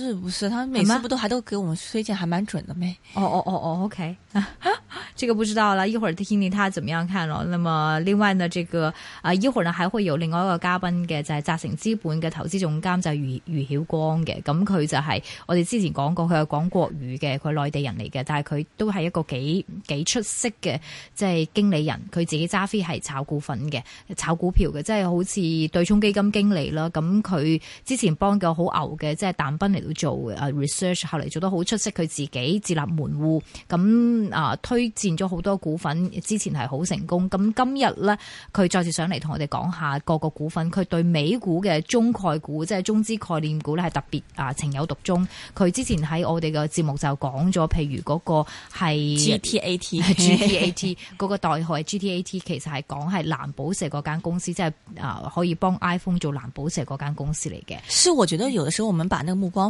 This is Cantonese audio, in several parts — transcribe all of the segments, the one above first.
是不是？他每次不都還都給我們推薦，還蠻準的咩？哦哦哦哦，OK， 這個不知道啦，一會兒聽聽他怎麼樣看了。那麼另外呢，這個啊，一會兒呢還會有另外一個嘉賓嘅，就係澤誠資本嘅投資總監，就是，就係余曉光嘅。咁佢就係我哋之前講過，佢係講國語嘅，佢內地人嚟嘅，但係佢都係一個幾幾出色嘅，即係經理人。佢自己揸飛係炒股份嘅，炒股票嘅，即係好似對沖基金經理啦。咁佢之前幫個好牛嘅，即係但斌嚟。做 research，後嚟做得好出色，佢自己自立門戶，咁啊推薦咗好多股份，之前係好成功。咁今日咧，佢再次上嚟同我哋講下各個股份，佢對美股嘅中概股，即係中資概念股咧係特別啊情有獨鍾。佢之前喺我哋嘅節目就講咗，譬如嗰個係 G T A T，G T A T 嗰個代號係 G T A T，其實係講係藍寶石嗰間公司，即係啊可以幫 iPhone 做藍寶石嗰間公司嚟嘅。所以，我覺得有的時候我們把呢個目光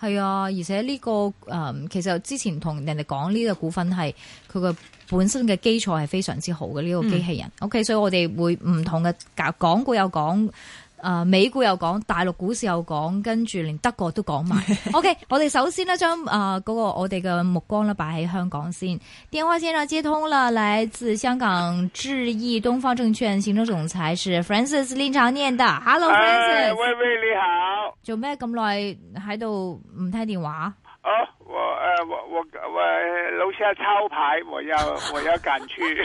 係啊，而且呢、呢個誒、嗯，其實之前同人哋講呢個股份係佢個本身嘅基礎係非常之好嘅呢、呢個機器人。嗯、OK，所以我哋會唔同嘅講股有講。誒、呃，美股又講，大陸股市又講，跟住連德國都講埋。 OK，我哋首先呢將誒嗰、呃那個我哋嘅目光咧擺喺香港先。電話線上接通了，來自香港智易東方證券行政總裁是 Francis 藺常念的。Hello，Francis、哎、喂喂，你好。做咩咁耐喺度唔聽電話？哦我我我樓下抄牌我，我要我要趕去。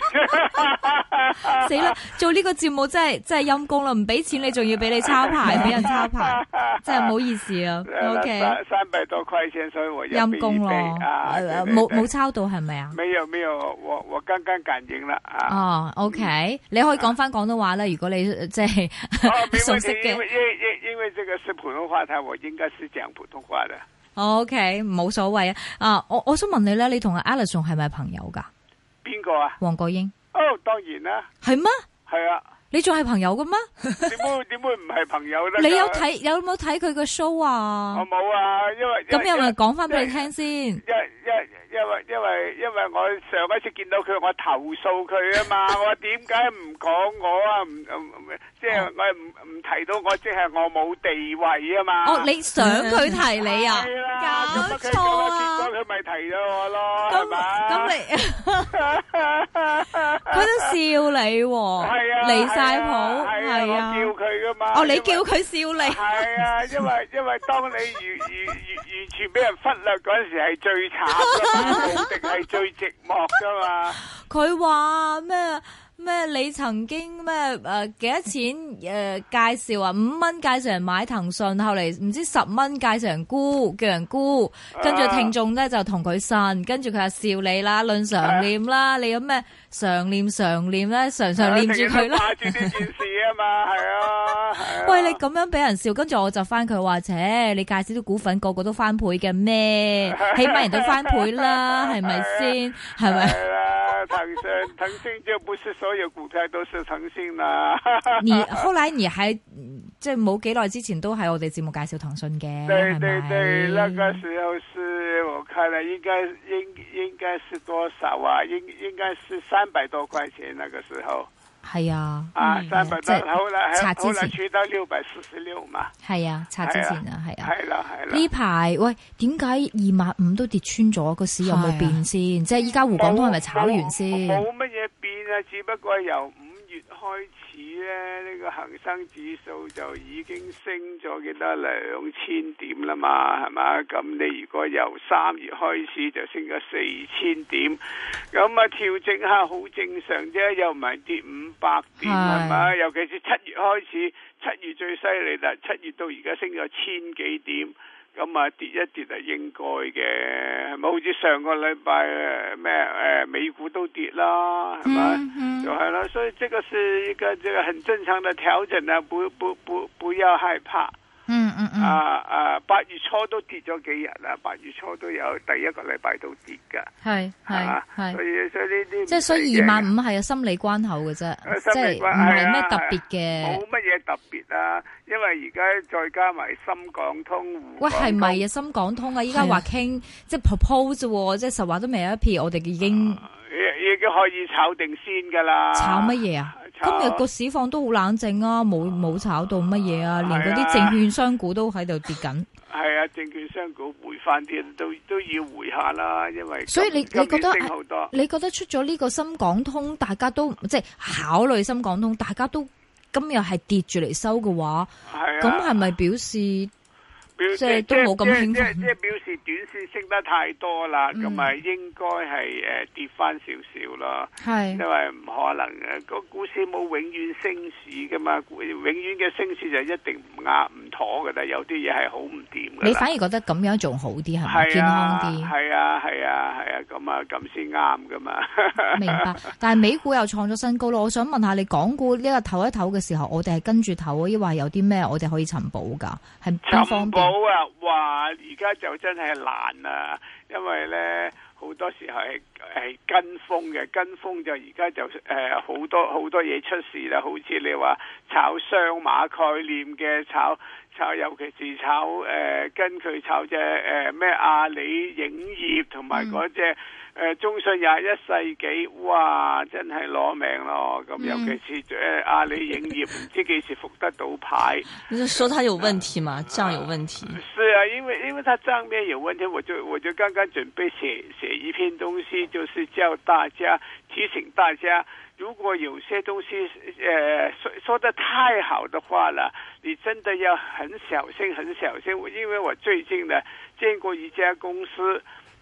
死啦！做呢個節目真係真係陰功啦，唔俾錢你，仲要俾你抄牌，俾人抄牌，真係唔好意思啊。O、okay, K，三,三百多塊錢，所以我陰功咯。冇、啊、冇抄到係咪啊？沒有沒有，我我剛剛趕贏啦、啊。哦，O、okay, K，、嗯、你可以講翻廣東話啦。如果你即係、哦、熟悉，嘅，因為因為，因為這個是普通話，我應該是講普通話的。O K，冇所謂啊！啊、uh，我我想問你咧，你同阿 Alison 係咪朋友噶？邊個啊？黃國英哦，oh, 當然啦，係咩？係啊。你仲係朋友噶咩？點會點會唔係朋友咧？你有睇有冇睇佢個 show 啊？我冇啊，因為咁又咪講翻俾你聽先。因因因為因為因為我上一次見到佢，我投訴佢啊嘛。我點解唔講我啊？唔唔即係我唔唔提到我，即係我冇地位啊嘛。哦，你想佢提你啊？冇錯。咁佢咪提咗我咯。咁咁你佢都笑你？係啊，離晒。大好、啊，係啊，啊，啊！我叫佢噶嘛。哦，你叫佢笑你。係啊，因為因為當你完完完完全俾人忽略嗰陣時，係最慘，係最寂寞噶嘛。佢話咩？咩？你曾經咩？誒、呃，幾多錢？誒、呃，介紹啊，五蚊介紹人買騰訊，後嚟唔知十蚊介紹人沽，叫人沽，眾呢跟住聽眾咧就同佢呻，跟住佢就笑你啦，藺常念啦，你有咩常念常念咧，常常念住佢啦。住啊嘛，係啊，喂，你咁樣俾人笑，跟住我就翻佢話，姐，你介紹啲股份個個都翻倍嘅咩？起碼人都翻倍啦，係咪先？係咪？ 騰訊騰訊就不是所有股票都是騰訊啦。你後來你還即係冇幾耐之前都喺我哋節目介紹騰訊嘅，對對對係咪？那個時候是我看了應該應應該是多少啊？應應該是三百多塊錢，那個時候。係啊，即、啊、係、嗯就是、好啦、拆之前到六百四十六嘛。係啊，拆之前啊，係啊。係啦、啊，係啦、啊。呢排、啊啊啊、喂，點解二萬五都跌穿咗？個市有冇變先？即係依家滬港通係咪炒完先？冇乜嘢變啊，只不過由五月開始。呢、yeah，個恒生指數就已經升咗幾多兩千點啦嘛，係嘛？咁你如果由三月開始就升咗四千點，咁啊調整下好正常啫，又唔係跌五百點係嘛？尤其是七月開始，七月最犀利啦，七月到而家升咗千幾點。咁啊跌一跌係應該嘅，係咪？好似上個禮拜咩？誒、呃，美股都跌啦，係咪、嗯嗯？就係、是、啦，所以這個是一個這個很正常嘅調整啊，不不不不要害怕。嗯嗯嗯，啊、嗯嗯、啊，八月初都跌咗幾日啦，八月初都有第一個禮拜都跌噶，係係、啊，所以所以呢啲即係所以二萬五係有心理關口嘅啫，即係唔係咩特別嘅，冇乜嘢特別啊，因為而家再加埋深港通港喂係咪啊深港通啊，依家話傾即係 propose 啫，即係、啊、實話都未有一撇，我哋已經、啊、已經可以炒定先噶啦，炒乜嘢啊？今日個市況都好冷靜啊，冇冇炒到乜嘢啊，啊，連嗰啲證券商股都喺度跌緊。係啊，啊，證券商股回翻啲都都要回下啦，因為所以你你覺得、啊、你覺得出咗呢個深港通，大家都即係考慮深港通，大家都今日係跌住嚟收嘅話，咁係咪表示？即係都冇咁興奮，即係表示短線升得太多啦，咁、嗯、埋應該係誒跌翻少少咯。係，因為唔可能嘅，個股市冇永遠升市噶嘛，永遠嘅升市就一定唔啱。妥嘅，但有啲嘢係好唔掂嘅。你反而覺得咁樣仲好啲係咪？健康啲。係啊係啊係啊，咁啊咁先啱嘅嘛。 明白。但係美股又創咗新高咯。我想問下你，港股呢個唞一唞嘅時候，我哋係跟住唞，抑或有啲咩我哋可以尋寶㗎？係邊方？尋寶啊！哇，而家就真係難啦，因為咧。好多時候係跟風嘅，跟風就而家就誒、好多好多嘢出事啦，好似你話炒雙馬概念嘅，炒炒尤其是炒誒、呃、跟佢炒隻咩、呃、阿里影業同埋嗰隻。中信廿一世紀，哇！真係攞命咯，咁、嗯、尤其是阿里影業，唔 知幾時復得到牌。你就說他有問題嗎？帳、啊、有問題、啊。是啊，因為因為他帳面有問題，我就我就剛剛準備寫寫一篇東西，就是叫大家提醒大家，如果有些東西誒、呃、說說得太好的話啦，你真的要很小心很小心。因為我最近呢見過一家公司。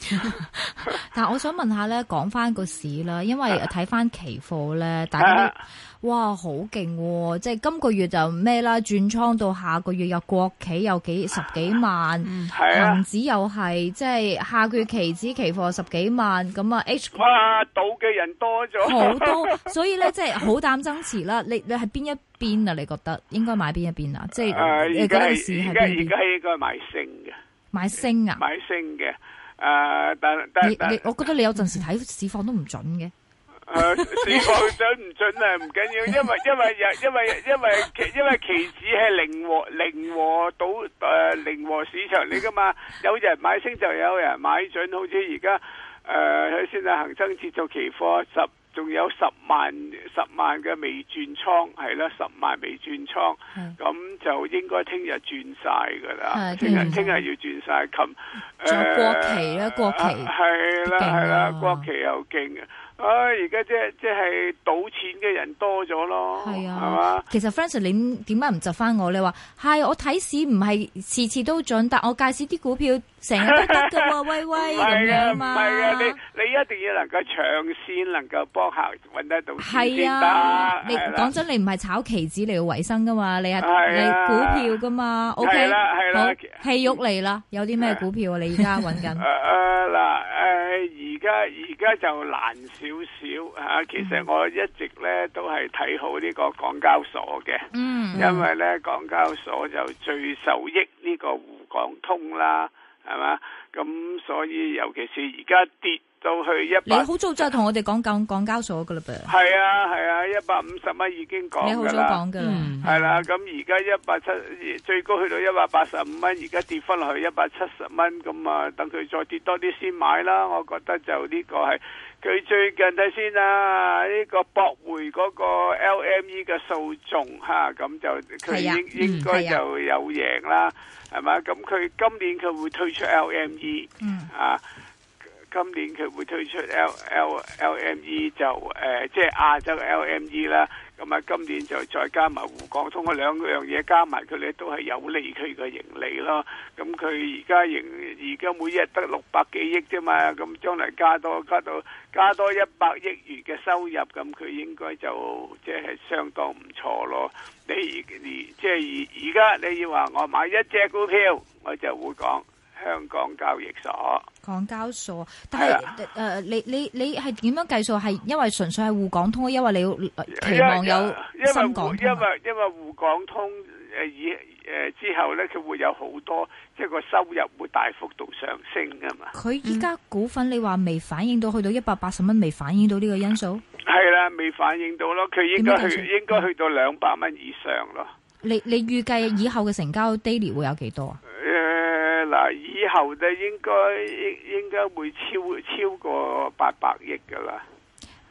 但係我想問一下咧，講翻個市啦，因為睇翻期貨咧，大家都、啊、哇好勁，即係今個月就咩啦，轉倉到下個月有國企有幾十幾萬，恒、啊、指、啊、又係即係下個月期指期貨十幾萬，咁啊 H 哇賭嘅人多咗好 多，所以咧即係好淡爭持啦。你你係邊一邊啊？你覺得應該買邊一邊啊？即係誒嗰陣時係邊一邊？而家而家應該買升嘅，買升啊，買升嘅。誒、uh,，但但但，我覺得你有陣時睇市況都唔準嘅、uh,。市況準唔準啊？唔緊要，因為因為因因為因為期指係靈活靈活到誒靈活市場嚟噶嘛，有人買升就有人買准，好似而家誒，佢、呃、先係恒生指數做期貨十。仲有十萬十萬嘅未轉倉，係啦，十萬未轉倉，咁就應該聽日轉晒㗎啦。聽日聽日要轉晒琴。仲有國企啦，國企。係啦係啦，國企又勁啊！唉，而家即即係賭錢嘅人多咗咯，係嘛？其實 Francis，你點解唔執翻我，你話係我睇市唔係次次都準，但我介紹啲股票。成日得得噶，威威咁啊樣嘛！啊你你一定要能夠長線能夠幫客揾得到先得。係啊，講真、啊啊啊，你唔係炒棋子嚟維生噶嘛，你係、啊、你係股票噶嘛、啊、？O、okay? K，、啊啊、好，戲肉嚟啦，有啲咩股票、啊啊、你而家揾緊？誒 誒、啊，嗱、啊、誒，而家而家就難少少吓。其實我一直咧都係睇好呢個港交所嘅、嗯嗯，因為咧港交所就最受益呢個滬港通啦。係嘛？咁所以尤其是而家跌到去一百，你好早就同我哋講港，講港交所噶啦噃。係啊係啊，一百五十蚊已經講你好早講噶啦。嗯，係啦、啊。咁而家一百七，最高到到去到一百八十五蚊，而家跌翻落去一百七十蚊。咁啊，等佢再跌多啲先買啦。我覺得就呢個係。佢最近睇先啦，呢、這個駁回嗰個 LME 嘅訴訟嚇，咁、啊、就佢應應該就有贏啦，係嘛、啊？咁、嗯、佢、啊、今年佢會推出 LME、嗯、啊，今年佢會推出 L L LME 就誒，即、呃、係、就是、亞洲嘅 LME 啦。咁啊，今年就再加埋滬港通嗰兩樣嘢加埋佢咧，都係有利佢嘅盈利咯。咁佢而家盈而家每日得六百幾億啫嘛，咁將嚟加多加加多一百億元嘅收入，咁佢應該就即係、就是、相當唔錯咯。你你即係而而家你要話我買一隻股票，我就會講香港交易所。港交所，但係誒，啊呃，你你你係點樣計數？係因為純粹係滬港通，因為你期望有深港通，因為因為因為滬港通誒以誒之後咧，佢會有好多即係個收入會大幅度上升噶嘛。佢依家股份你話未反映到，去到一百八十蚊，未反映到呢個因素。係啦，啊，未反映到咯。佢應該去應該去到兩百蚊以上咯。你你預計以後嘅成交 daily 會有幾多啊？誒，呃，嗱。後咧，應該應應該會超超過八百億噶啦，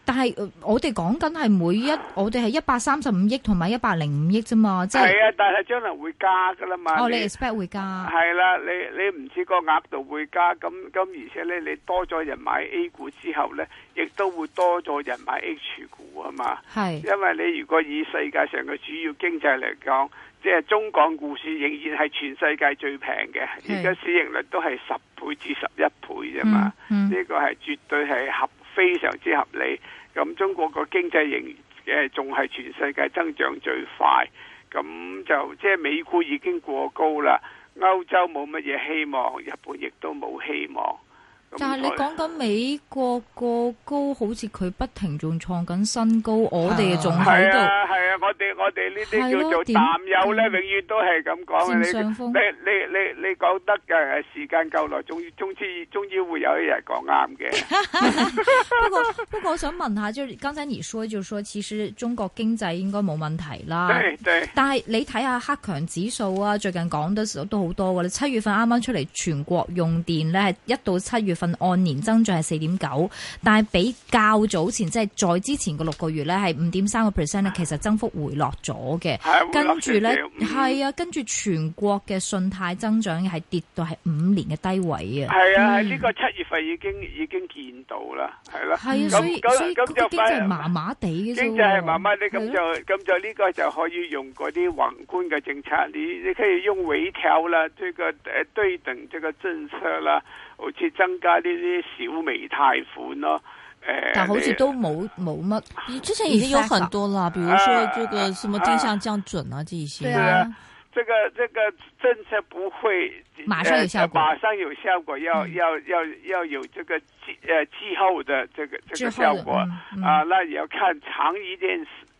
但係我哋講緊係每一，啊、我哋係一百三十五億同埋一百零五億啫嘛，即係係啊，但係將來會加噶啦嘛。哦，你 expect 會加，係啦、啊，你你唔知個額度會加，咁咁而且咧，你多咗人買 A 股之後咧，亦都會多咗人買 H 股啊嘛，係，因為你如果以世界上嘅主要經濟嚟講。即係中港股市仍然係全世界最平嘅，而家市盈率都係十倍至十一倍啫嘛。呢、嗯嗯，這個係絕對係合非常之合理。咁中國個經濟仍、誒仲係全世界增長最快，咁就即係美股已經過高啦，歐洲冇乜嘢希望，日本亦都冇希望。但係你講緊美國過高，好似佢不停仲創緊新高，啊、我哋仲喺度，我哋我哋呢啲叫做淡友咧，永遠都係咁講。你你你你你，你講得嘅時間夠耐，終終之終之會有一日講啱嘅。不過不過，我想問下，就剛才你說，就說其實中國經濟應該冇問題啦。對對。但係你睇下克強指數啊，最近講得都都好多噶啦。七月份啱啱出嚟，全國用電咧係一到七月份按年增長係四點九，但係比較早前即係再之前個六個月咧係五點三個 percent 咧，其實增幅，回落咗嘅，跟住咧，係啊，跟住、啊、全國嘅信貸增長係跌到係五年嘅低位係啊！係、嗯、啊，呢、這個七月份已經已經見到啦，係啦、啊。係啊，所以所以，所以、那個、經濟係麻麻地嘅啫，經濟係麻麻啲，咁、啊、就咁就呢個就可以用嗰啲宏觀嘅政策，你你可以用微調啦，即係個誒對等，即係個政策啦，好似增加呢啲小微貸款咯。但好似都冇冇乜，你之前已經有很多啦，比如說這個什麼定向降準啊，啊這些。對啊，這個這個政策不會馬上有效果，呃、馬上有效果、嗯、要要要要有這個季呃季後的這個這個效果、嗯、啊，那也要看長一點時。嗯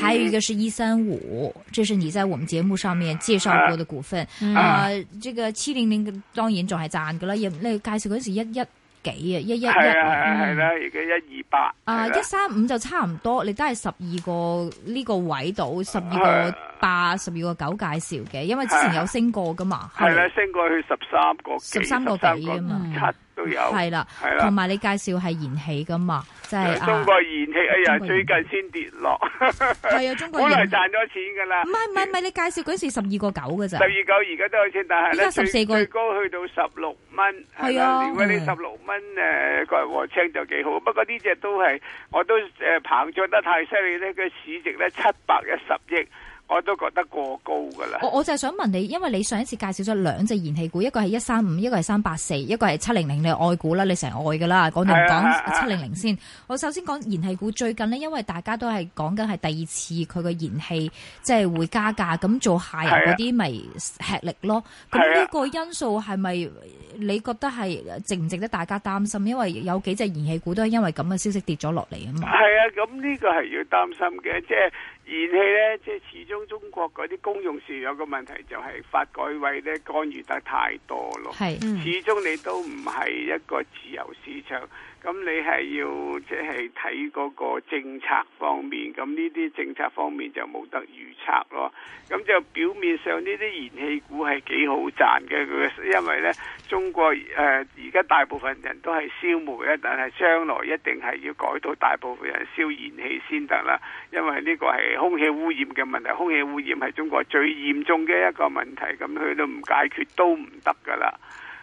還有一個是一三五，這是你在我們節目上面介紹過的股份，啊，嗯、啊這個七零零當然仲係賺㗎啦？你介紹嗰時候是一一幾一一是啊，一一一係啦，而家一二八啊，啊現在一三五，啊啊，就差唔多，你都係十二個呢個位度，十二個八，啊，十二個九介紹嘅，因為之前有升過噶嘛，係啦、啊啊，升過去十三個十三個幾啊嘛，都有，係啦、啊，係啦、啊，同埋你介紹係燃氣噶嘛，即、就係啊哎、中國燃氣。哎呀，最近先跌落。係啊，啊，中國燃氣賺咗錢噶啦。唔係唔係唔係，你介紹嗰時十二個九噶咋？十二九而家都有錢，但係呢十四個，最高去到十六蚊。係啊，如果你十六蚊誒個和青就幾好。不過呢隻都係，我都誒膨脹得太犀利呢，佢市值咧七百一十億。我都覺得過高噶啦。我我就係想問你，因為你上一次介紹咗兩隻燃氣股，一個係一三五，一個係三八四，一個係七零零，你愛股啦，你成日愛噶啦，我唔講七零零先。我首先講燃氣股最近呢，因為大家都係講緊係第二次佢個燃氣即係、就是、會加價，咁做下游嗰啲咪吃力咯。咁呢、啊、個因素係咪你覺得係值唔值得大家擔心？因為有幾隻燃氣股都係因為咁嘅消息跌咗落嚟啊嘛。係啊，咁呢個係要擔心嘅，即係。燃氣呢，即係始終中國嗰啲公用事有個問題，就係發改委咧干預得太多咯。始終你都唔係一個自由市場，咁你係要即係睇嗰個政策方面，咁呢啲政策方面就冇得預測咯。咁就表面上呢啲燃氣股係幾好賺嘅，佢因為咧中國誒而家大部分人都係燒煤啊，但係將來一定係要改到大部分人燒燃氣先得啦，因為呢個係。空氣污染嘅問題，空氣污染係中國最嚴重嘅一個問題，咁佢都唔解決都唔得噶啦。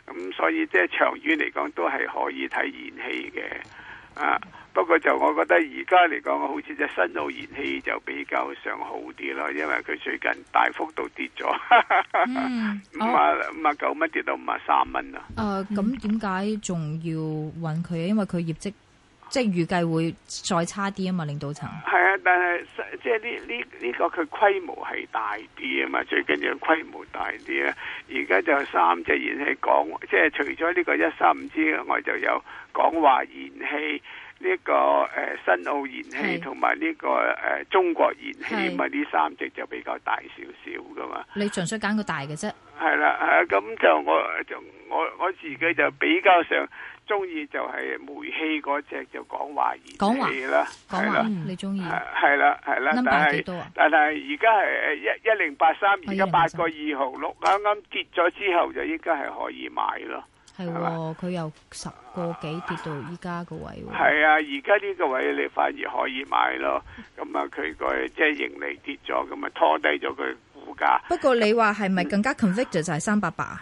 咁所以即係長遠嚟講，都係可以睇燃氣嘅。啊，不過就我覺得而家嚟講，好似隻新澳燃氣就比較上好啲咯，因為佢最近大幅度跌咗、嗯哦，五啊五啊九蚊跌到五啊三蚊啦。誒、嗯，咁點解仲要搵佢？因為佢業績。即係預計會再差啲啊嘛，領導層。係啊，但係即係呢呢呢個佢規模係大啲啊嘛，最緊要規模大啲啦。而家就有三隻燃氣港，即係除咗呢個一三五之外，就有港華燃氣，呢、這個誒、呃、新奧燃氣同埋呢個誒、呃、中國燃氣嘛。氣，咪呢三隻就比較大少少噶嘛。你盡量揀個大嘅啫。係啦，係啊，咁就我就我我自己就比較想。中意就係煤氣嗰隻就講華爾，講華爾啦，係、嗯啊、啦，你中意係啦係啦。Number、但係幾多啊？但係而家係一一零八三，而家八個二毫六，啱啱跌咗之後就應該係可以買咯。係喎、啊，佢有十個幾跌到依家、啊啊啊、個位喎。係啊，而家呢個位你反而可以買咯。咁啊，佢個即係盈利跌咗，咁啊拖低咗佢股價。不過你話係咪更加 convicted 就係三百八？